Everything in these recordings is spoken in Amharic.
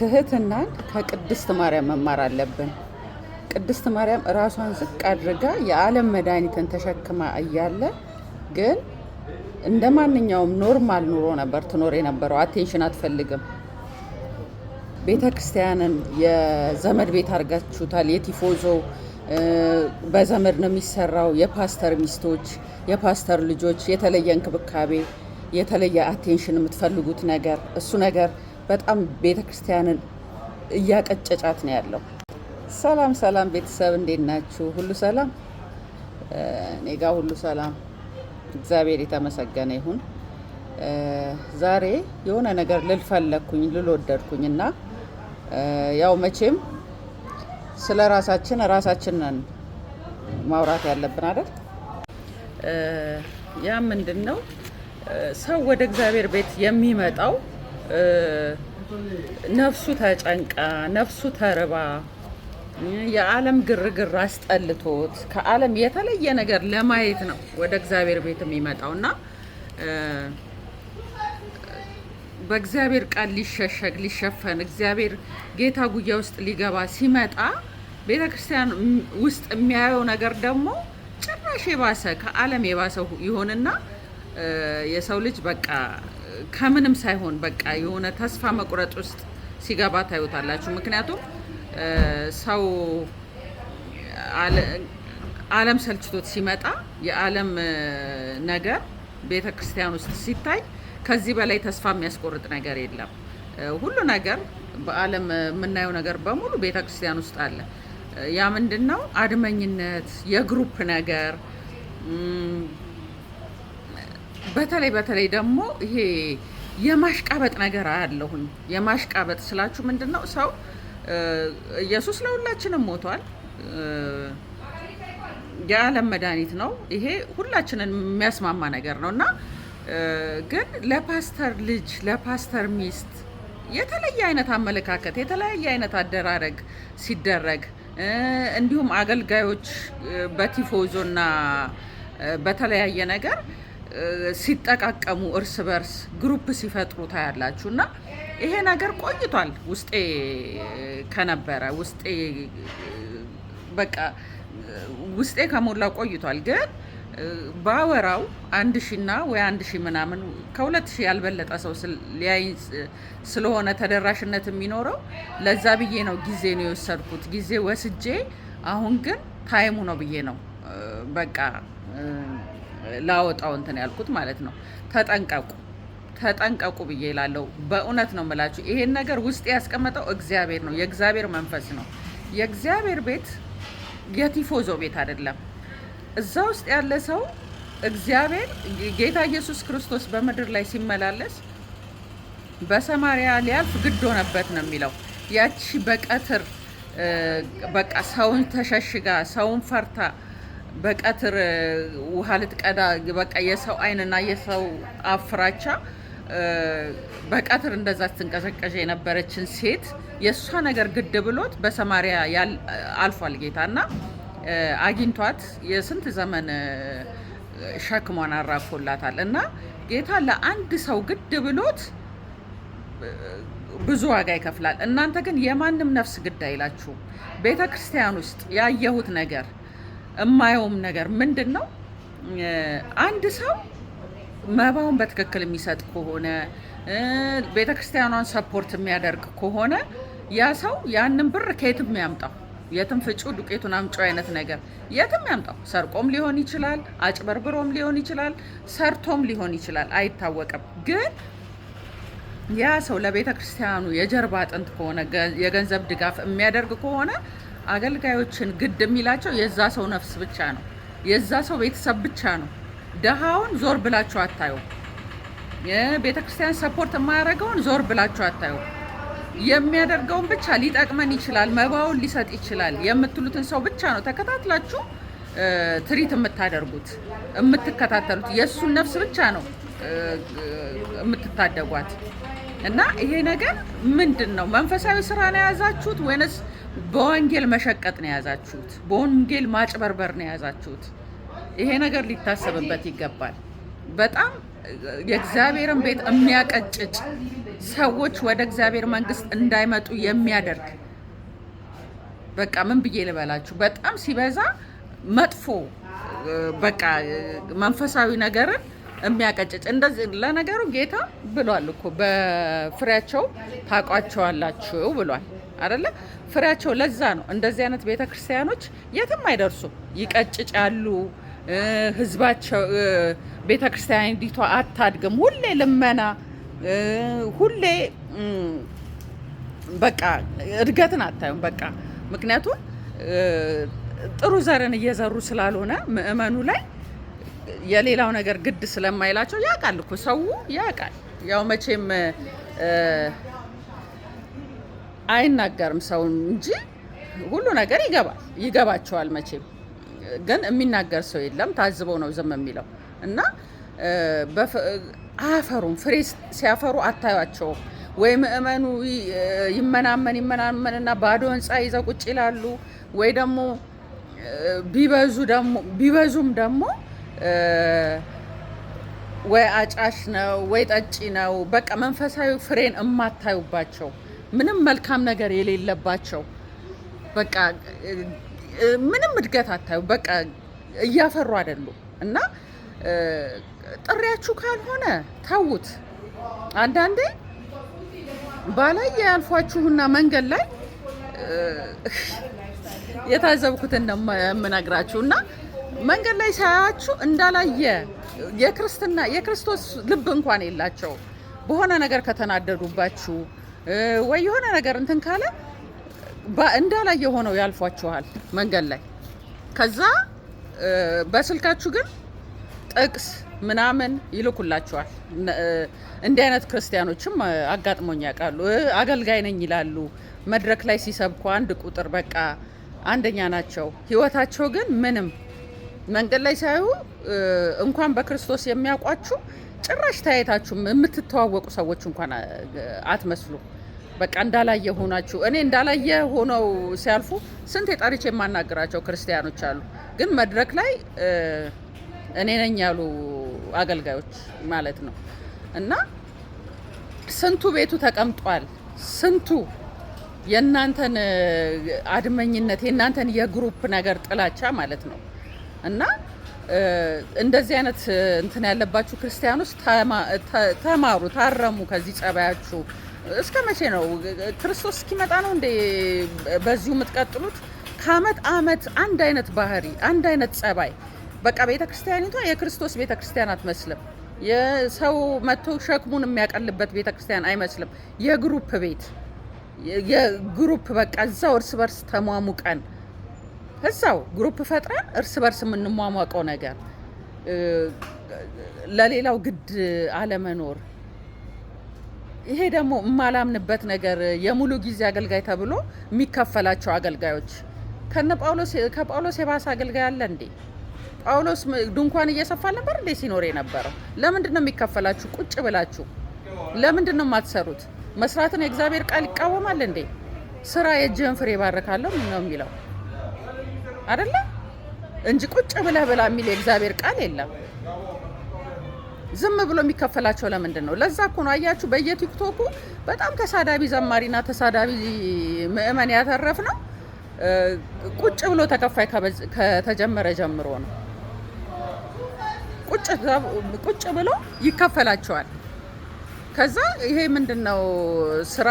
ትህትናን ከቅድስት ማርያም መማር አለብን። ቅድስት ማርያም ራሷን ዝቅ አድርጋ የዓለም መድኃኒትን ተሸክማ እያለ ግን እንደ ማንኛውም ኖርማል ኑሮ ነበር ትኖር የነበረው። አቴንሽን አትፈልግም። ቤተ ክርስቲያንን የዘመድ ቤት አድርጋችሁታል። የቲፎዞ በዘመድ ነው የሚሰራው። የፓስተር ሚስቶች፣ የፓስተር ልጆች የተለየ እንክብካቤ፣ የተለየ አቴንሽን የምትፈልጉት ነገር እሱ ነገር በጣም ቤተ ክርስቲያንን እያቀጨጫት ነው ያለው። ሰላም ሰላም ቤተሰብ እንዴት ናችሁ? ሁሉ ሰላም? እኔ ጋ ሁሉ ሰላም፣ እግዚአብሔር የተመሰገነ ይሁን። ዛሬ የሆነ ነገር ልል ፈለግኩኝ ልል ወደድኩኝ እና ያው መቼም ስለ ራሳችን ራሳችንን ማውራት ያለብን አይደል? ያ ምንድን ነው ሰው ወደ እግዚአብሔር ቤት የሚመጣው ነፍሱ ተጨንቃ ነፍሱ ተርባ የዓለም ግርግር አስጠልቶት ከዓለም የተለየ ነገር ለማየት ነው ወደ እግዚአብሔር ቤት የሚመጣው እና በእግዚአብሔር ቃል ሊሸሸግ ሊሸፈን እግዚአብሔር ጌታ ጉያ ውስጥ ሊገባ ሲመጣ ቤተ ክርስቲያን ውስጥ የሚያየው ነገር ደግሞ ጭራሽ የባሰ ከዓለም የባሰ ይሆንና የሰው ልጅ በቃ ከምንም ሳይሆን በቃ የሆነ ተስፋ መቁረጥ ውስጥ ሲገባ ታዩታላችሁ። ምክንያቱም ሰው ዓለም ሰልችቶት ሲመጣ የዓለም ነገር ቤተ ክርስቲያን ውስጥ ሲታይ ከዚህ በላይ ተስፋ የሚያስቆርጥ ነገር የለም። ሁሉ ነገር በዓለም የምናየው ነገር በሙሉ ቤተ ክርስቲያን ውስጥ አለ። ያ ምንድን ነው? አድመኝነት፣ የግሩፕ ነገር በተለይ በተለይ ደግሞ ይሄ የማሽቃበጥ ነገር አያለሁኝ። የማሽቃበጥ ስላችሁ ምንድን ነው? ሰው ኢየሱስ ለሁላችንም ሞቷል፣ የዓለም መድኃኒት ነው። ይሄ ሁላችንን የሚያስማማ ነገር ነው እና ግን ለፓስተር ልጅ ለፓስተር ሚስት የተለየ አይነት አመለካከት የተለያየ አይነት አደራረግ ሲደረግ እንዲሁም አገልጋዮች በቲፎዞና በተለያየ ነገር ሲጠቃቀሙ እርስ በርስ ግሩፕ ሲፈጥሩ ታያላችሁ። እና ይሄ ነገር ቆይቷል ውስጤ ከነበረ ውስጤ በቃ ውስጤ ከሞላ ቆይቷል። ግን ባወራው አንድ ሺና ወይ አንድ ሺ ምናምን ከሁለት ሺ ያልበለጠ ሰው ሊያይ ስለሆነ ተደራሽነት የሚኖረው ለዛ ብዬ ነው ጊዜ ነው የወሰድኩት። ጊዜ ወስጄ አሁን ግን ታይሙ ነው ብዬ ነው በቃ ላወጣው እንትን ያልኩት ማለት ነው። ተጠንቀቁ ተጠንቀቁ ብዬ ላለው በእውነት ነው የምላችሁ። ይሄን ነገር ውስጥ ያስቀመጠው እግዚአብሔር ነው፣ የእግዚአብሔር መንፈስ ነው። የእግዚአብሔር ቤት የቲፎዞ ቤት አይደለም። እዛ ውስጥ ያለ ሰው እግዚአብሔር ጌታ ኢየሱስ ክርስቶስ በምድር ላይ ሲመላለስ በሰማሪያ ሊያልፍ ግድ ሆነበት ነው የሚለው። ያቺ በቀትር በቃ ሰውን ተሸሽጋ ሰውን ፈርታ በቀትር ውሃ ልትቀዳ በቃ የሰው አይንና የሰው አፍራቻ በቀትር እንደዛ ስትንቀሸቀሸ የነበረችን ሴት የእሷ ነገር ግድ ብሎት በሰማሪያ አልፏል ጌታ እና አግኝቷት የስንት ዘመን ሸክሟን አራግፎላታል። እና ጌታ ለአንድ ሰው ግድ ብሎት ብዙ ዋጋ ይከፍላል። እናንተ ግን የማንም ነፍስ ግድ አይላችሁም። ቤተ ክርስቲያን ውስጥ ያየሁት ነገር እማየውም ነገር ምንድን ነው፣ አንድ ሰው መባውን በትክክል የሚሰጥ ከሆነ ቤተ ክርስቲያኗን ሰፖርት የሚያደርግ ከሆነ ያ ሰው ያንን ብር ከየትም ያምጣው፣ የትም ፍጩ፣ ዱቄቱን አምጮ አይነት ነገር የትም ያምጣው። ሰርቆም ሊሆን ይችላል፣ አጭበርብሮም ሊሆን ይችላል፣ ሰርቶም ሊሆን ይችላል፣ አይታወቅም። ግን ያ ሰው ለቤተ ክርስቲያኑ የጀርባ አጥንት ከሆነ የገንዘብ ድጋፍ የሚያደርግ ከሆነ አገልጋዮችን ግድ የሚላቸው የዛ ሰው ነፍስ ብቻ ነው፣ የዛ ሰው ቤተሰብ ብቻ ነው። ደሃውን ዞር ብላችሁ አታዩ። የቤተክርስቲያን ክርስቲያን ሰፖርት የማያደርገውን ዞር ብላችሁ አታዩ። የሚያደርገውን ብቻ ሊጠቅመን ይችላል፣ መባውን ሊሰጥ ይችላል የምትሉትን ሰው ብቻ ነው ተከታትላችሁ ትሪት የምታደርጉት የምትከታተሉት የእሱን ነፍስ ብቻ ነው የምትታደጓት። እና ይሄ ነገር ምንድን ነው? መንፈሳዊ ስራን የያዛችሁት ወይንስ በወንጌል መሸቀጥ ነው የያዛችሁት። በወንጌል ማጭበርበር ነው የያዛችሁት። ይሄ ነገር ሊታሰብበት ይገባል። በጣም የእግዚአብሔርን ቤት የሚያቀጭጭ ሰዎች ወደ እግዚአብሔር መንግስት እንዳይመጡ የሚያደርግ በቃ ምን ብዬ ልበላችሁ፣ በጣም ሲበዛ መጥፎ በቃ መንፈሳዊ ነገርን የሚያቀጭጭ እንደዚህ። ለነገሩ ጌታ ብሏል እኮ በፍሬያቸው ታውቋቸዋላችሁ ብሏል። አይደለ? ፍሬያቸው ለዛ ነው። እንደዚህ አይነት ቤተ ክርስቲያኖች የትም አይደርሱም። ይቀጭጫሉ። ህዝባቸው ቤተ ክርስቲያን ዲቷ አታድግም። ሁሌ ልመና፣ ሁሌ በቃ እድገትን አታዩም። በቃ ምክንያቱም ጥሩ ዘርን እየዘሩ ስላልሆነ ምእመኑ ላይ የሌላው ነገር ግድ ስለማይላቸው ያውቃል እኮ ሰው ያውቃል። ያው መቼም አይናገርም ሰው እንጂ ሁሉ ነገር ይገባል ይገባቸዋል። መቼም ግን የሚናገር ሰው የለም። ታዝበው ነው ዝም የሚለው እና አያፈሩም። ፍሬ ሲያፈሩ አታዩቸውም። ወይ ምእመኑ ይመናመን ይመናመንና ባዶ ህንፃ ይዘው ቁጭ ይላሉ። ወይ ደግሞ ቢበዙ ደግሞ ቢበዙም ደግሞ ወይ አጫሽ ነው ወይ ጠጪ ነው። በቃ መንፈሳዊ ፍሬን እማታዩባቸው ምንም መልካም ነገር የሌለባቸው በቃ ምንም እድገት አታዩ። በቃ እያፈሩ አይደሉም። እና ጥሪያችሁ ካልሆነ ተዉት። አንዳንዴ ባላይ ያልፏችሁና መንገድ ላይ የታዘብኩትን ነው የምነግራችሁ እና መንገድ ላይ ሳያችሁ እንዳላየ የክርስትና የክርስቶስ ልብ እንኳን የላቸው በሆነ ነገር ከተናደዱባችሁ ወይ የሆነ ነገር እንትን ካለ እንዳላየ ሆነው ያልፏችኋል መንገድ ላይ። ከዛ በስልካችሁ ግን ጥቅስ ምናምን ይልኩላችኋል። እንዲህ አይነት ክርስቲያኖችም አጋጥሞኝ ያውቃሉ። አገልጋይ ነኝ ይላሉ። መድረክ ላይ ሲሰብኩ አንድ ቁጥር በቃ አንደኛ ናቸው። ህይወታቸው ግን ምንም መንገድ ላይ ሳይሆን እንኳን በክርስቶስ የሚያውቋችሁ ጭራሽ ተያየታችሁም የምትተዋወቁ ሰዎች እንኳን አትመስሉ። በቃ እንዳላየ ሆናችሁ እኔ እንዳላየ ሆነው ሲያልፉ ስንት የጠሪች የማናገራቸው ክርስቲያኖች አሉ። ግን መድረክ ላይ እኔ ነኝ ያሉ አገልጋዮች ማለት ነው። እና ስንቱ ቤቱ ተቀምጧል፣ ስንቱ የእናንተን አድመኝነት የእናንተን የግሩፕ ነገር ጥላቻ ማለት ነው እና እንደዚህ አይነት እንትን ያለባችሁ ክርስቲያኖች ተማሩ፣ ታረሙ ከዚህ ጸባያችሁ። እስከ መቼ ነው ክርስቶስ እስኪመጣ ነው እንዴ በዚሁ የምትቀጥሉት? ከአመት አመት አንድ አይነት ባህሪ፣ አንድ አይነት ጸባይ። በቃ ቤተ ክርስቲያኒቷ የክርስቶስ ቤተ ክርስቲያን አትመስልም። የሰው መጥቶ ሸክሙን የሚያቀልበት ቤተ ክርስቲያን አይመስልም። የግሩፕ ቤት የግሩፕ በቃ እዛው እርስ በርስ ተሟሙቀን እዛው ግሩፕ ፈጥረን እርስ በርስ የምንሟሟቀው ነገር ለሌላው ግድ አለመኖር። ይሄ ደግሞ የማላምንበት ነገር የሙሉ ጊዜ አገልጋይ ተብሎ የሚከፈላቸው አገልጋዮች ከነ ጳውሎስ ከጳውሎስ የባሰ አገልጋይ አለ እንዴ? ጳውሎስ ድንኳን እየሰፋ ነበር እንዴ ሲኖር የነበረው? ለምንድን ነው የሚከፈላችሁ? ቁጭ ብላችሁ ለምንድን ነው የማትሰሩት? መስራትን የእግዚአብሔር ቃል ይቃወማል እንዴ? ስራ የእጅህን ፍሬ ይባርካለሁ ነው የሚለው። አይደለ እንጂ ቁጭ ብለህ ብላ የሚል የእግዚአብሔር ቃል የለም። ዝም ብሎ የሚከፈላቸው ለምንድን ነው? ለዛ እኮ ነው። አያችሁ፣ በየቲክቶኩ በጣም ተሳዳቢ ዘማሪና ተሳዳቢ ምእመን ያተረፍ ነው። ቁጭ ብሎ ተከፋይ ከተጀመረ ጀምሮ ነው ቁጭ ብሎ ይከፈላቸዋል። ከዛ ይሄ ምንድን ነው ስራ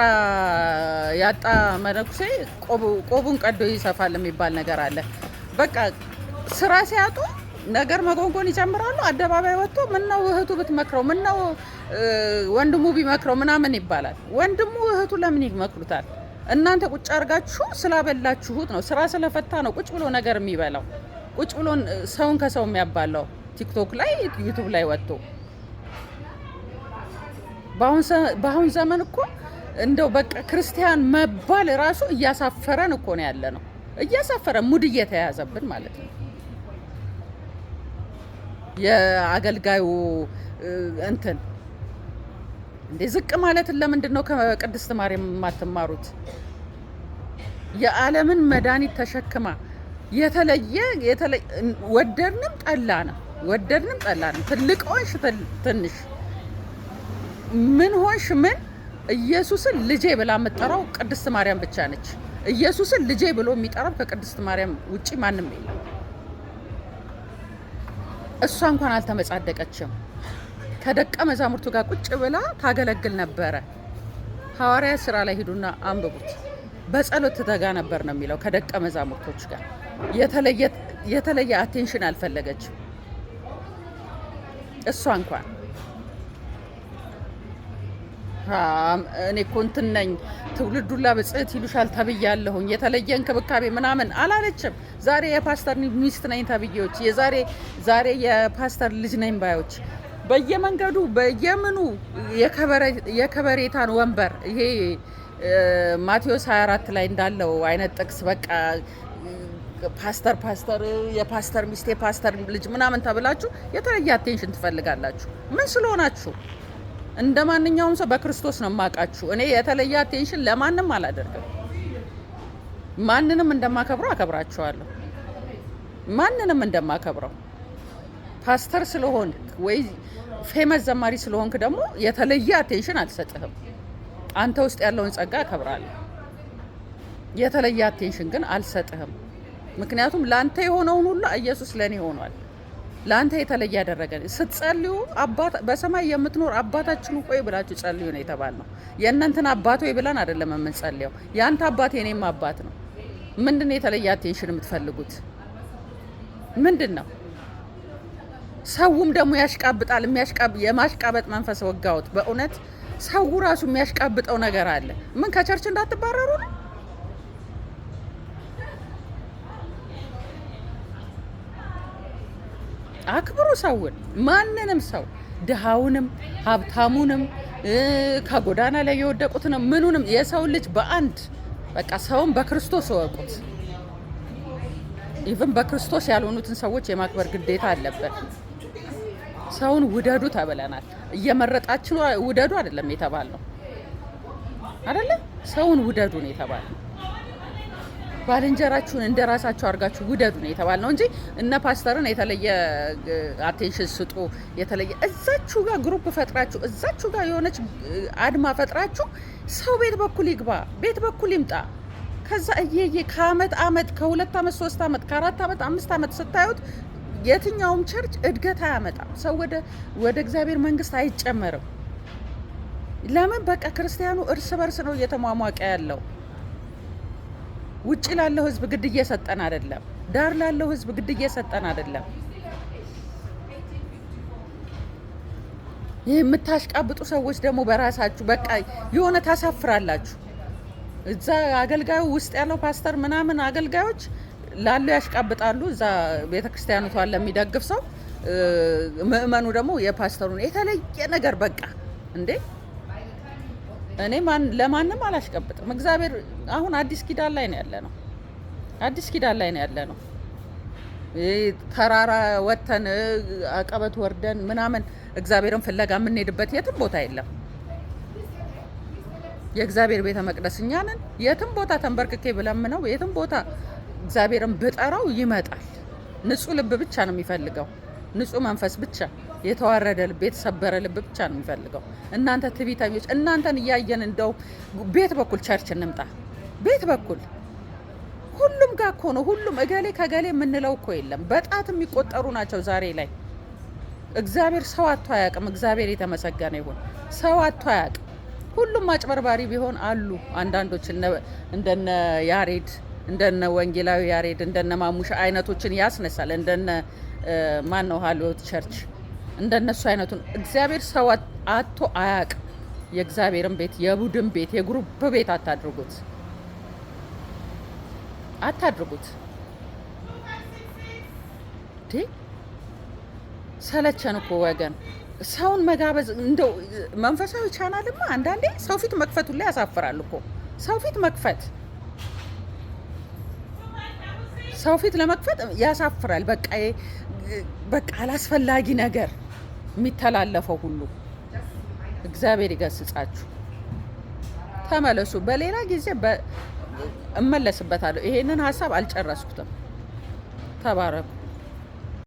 ያጣ መነኩሴ ቆቡን ቀዶ ይሰፋል የሚባል ነገር አለ። በቃ ስራ ሲያጡ ነገር መጎንጎን ይጨምራሉ። አደባባይ ወጥቶ ምነው እህቱ ብትመክረው፣ ምነው ወንድሙ ቢመክረው ምናምን ይባላል። ወንድሙ እህቱ ለምን ይመክሩታል? እናንተ ቁጭ አድርጋችሁ ስላበላችሁት ነው። ስራ ስለፈታ ነው ቁጭ ብሎ ነገር የሚበላው ቁጭ ብሎ ሰውን ከሰው የሚያባላው ቲክቶክ ላይ ዩቱብ ላይ ወጥቶ በአሁን ዘመን እኮ እንደው በቃ ክርስቲያን መባል ራሱ እያሳፈረን እኮ ነው ያለ ነው። እያሳፈረን ሙድ እየተያዘብን ማለት ነው። የአገልጋዩ እንትን እንዴ ዝቅ ማለትን ለምንድን ነው ከቅድስት ማርያም የማትማሩት? የዓለምን መድኃኒት ተሸክማ የተለየ ወደድንም ነው ወደድንም ነው ትልቅ ሆንሽ ትንሽ ምን ሆንሽ ምን ኢየሱስን ልጄ ብላ የምጠራው ቅድስት ማርያም ብቻ ነች። ኢየሱስን ልጄ ብሎ የሚጠራው ከቅድስት ማርያም ውጪ ማንም የለም። እሷ እንኳን አልተመጻደቀችም። ከደቀ መዛሙርቱ ጋር ቁጭ ብላ ታገለግል ነበረ። ሐዋርያ ስራ ላይ ሂዱና አንብቡት። በጸሎት ትተጋ ነበር ነው የሚለው። ከደቀ መዛሙርቶች ጋር የተለየ አቴንሽን አልፈለገችም እሷ እንኳን እኔ እኮ እንትን ነኝ ትውልድ ሁላ ብጽዕት ይሉሻል ተብያለሁኝ የተለየ እንክብካቤ ምናምን አላለችም። ዛሬ የፓስተር ሚስት ነኝ ተብዬዎች፣ የዛሬ ዛሬ የፓስተር ልጅ ነኝ ባዮች በየመንገዱ በየምኑ የከበሬታን ወንበር ይሄ ማቴዎስ 24 ላይ እንዳለው አይነት ጥቅስ በቃ ፓስተር ፓስተር የፓስተር ሚስቴ ፓስተር ልጅ ምናምን ተብላችሁ የተለየ አቴንሽን ትፈልጋላችሁ። ምን ስለሆናችሁ እንደ ማንኛውም ሰው በክርስቶስ ነው የማውቃችሁ። እኔ የተለየ አቴንሽን ለማንም አላደርግም። ማንንም እንደማከብረው አከብራችኋለሁ። ማንንም እንደማከብረው ፓስተር ስለሆንክ ወይ ፌመስ ዘማሪ ስለሆንክ ደግሞ የተለየ አቴንሽን አልሰጥህም። አንተ ውስጥ ያለውን ጸጋ አከብራለሁ። የተለየ አቴንሽን ግን አልሰጥህም። ምክንያቱም ለአንተ የሆነውን ሁሉ ኢየሱስ ለእኔ ሆኗል። ለአንተ የተለየ ያደረገን ስትጸልዩ በሰማይ የምትኖር አባታችን ቆይ ብላችሁ ጸልዩ ነው የተባልነው። የእናንተን አባት ወይ ብለን አይደለም የምንጸልየው። የአንተ አባት የኔም አባት ነው። ምንድን ነው የተለየ አቴንሽን የምትፈልጉት? ምንድን ነው? ሰውም ደግሞ ያሽቃብጣል። የማሽቃበጥ መንፈስ ወጋውት። በእውነት ሰው ራሱ የሚያሽቃብጠው ነገር አለ። ምን ከቸርች እንዳትባረሩ ነው አክብሩ ሰውን፣ ማንንም ሰው ድሃውንም፣ ሀብታሙንም፣ ከጎዳና ላይ የወደቁትንም ምኑንም የሰው ልጅ በአንድ በቃ ሰውን በክርስቶስ እወቁት። ኢቭን በክርስቶስ ያልሆኑትን ሰዎች የማክበር ግዴታ አለብን። ሰውን ውደዱ ተብለናል። እየመረጣችሁ ውደዱ አይደለም የተባል ነው አይደለ? ሰውን ውደዱ ነው የተባል ነው። ባልንጀራችሁን እንደ ራሳችሁ አድርጋችሁ ውደዱ ነው ነው እንጂ እነ ፓስተርን የተለየ አቴንሽን ስጡ፣ የተለየ እዛችሁ ጋር ግሩፕ ፈጥራችሁ እዛችሁ ጋር የሆነች አድማ ፈጥራችሁ ሰው ቤት በኩል ይግባ፣ ቤት በኩል ይምጣ። ከዛ እየየ ከአመት አመት ከሁለት አመት ሶስት አመት ከአራት አመት አምስት አመት ስታዩት የትኛውም ቸርች እድገት አያመጣም። ሰው ወደ ወደ እግዚአብሔር መንግስት አይጨመርም። ለምን? በቃ ክርስቲያኑ እርስ በርስ ነው እየተሟሟቀ ያለው። ውጭ ላለው ህዝብ ግድ እየሰጠን አይደለም። ዳር ላለው ህዝብ ግድ እየሰጠን አይደለም። ይህ የምታሽቃብጡ ሰዎች ደግሞ በራሳችሁ በቃ የሆነ ታሳፍራላችሁ። እዛ አገልጋዩ ውስጥ ያለው ፓስተር ምናምን አገልጋዮች ላለው ያሽቃብጣሉ። እዛ ቤተክርስቲያኒቷን ለሚደግፍ ሰው ምእመኑ ደግሞ የፓስተሩን የተለየ ነገር በቃ እንዴ እኔ ለማንም አላሽቀብጥም። እግዚአብሔር አሁን አዲስ ኪዳን ላይ ነው ያለ ነው። አዲስ ኪዳን ላይ ነው ያለ ነው። ተራራ ወተን አቀበት ወርደን ምናምን እግዚአብሔርን ፍለጋ የምንሄድበት የትም ቦታ የለም። የእግዚአብሔር ቤተ መቅደስ ነን። የትም ቦታ ተንበርክኬ ብለምነው፣ የትም ቦታ እግዚአብሔርን ብጠራው ይመጣል። ንጹህ ልብ ብቻ ነው የሚፈልገው፣ ንጹህ መንፈስ ብቻ የተዋረደ ልብ የተሰበረ ልብ ብቻ ነው የሚፈልገው። እናንተ ትቢተኞች፣ እናንተን እያየን እንደው ቤት በኩል ቸርች እንምጣ። ቤት በኩል ሁሉም ጋር እኮ ነው። ሁሉም እገሌ ከገሌ የምንለው እኮ የለም። በጣት የሚቆጠሩ ናቸው ዛሬ ላይ። እግዚአብሔር ሰው አቶ አያውቅም። እግዚአብሔር የተመሰገነ ይሁን። ሰው አቶ አያውቅም። ሁሉም አጭበርባሪ ቢሆን አሉ አንዳንዶች እንደነ ያሬድ እንደነ ወንጌላዊ ያሬድ እንደነ ማሙሻ አይነቶችን ያስነሳል። እንደነ ማን ነው ሀልዮት ቸርች እንደነሱ አይነቱ እግዚአብሔር ሰው አቶ አያቅ። የእግዚአብሔርን ቤት የቡድን ቤት የግሩፕ ቤት አታድርጉት፣ አታድርጉት። ሰለቸን እኮ ወገን፣ ሰውን መጋበዝ እንደው መንፈሳዊ ቻናልማ አንዳንዴ ሰው ፊት መክፈቱን ላይ ያሳፍራል እኮ ሰው ፊት መክፈት ሰው ፊት ለመክፈት ያሳፍራል። በቃ በቃ አላስፈላጊ ነገር የሚተላለፈው ሁሉ እግዚአብሔር ይገስጻችሁ። ተመለሱ። በሌላ ጊዜ እመለስበታለሁ። ይሄንን ሀሳብ አልጨረስኩትም። ተባረኩ።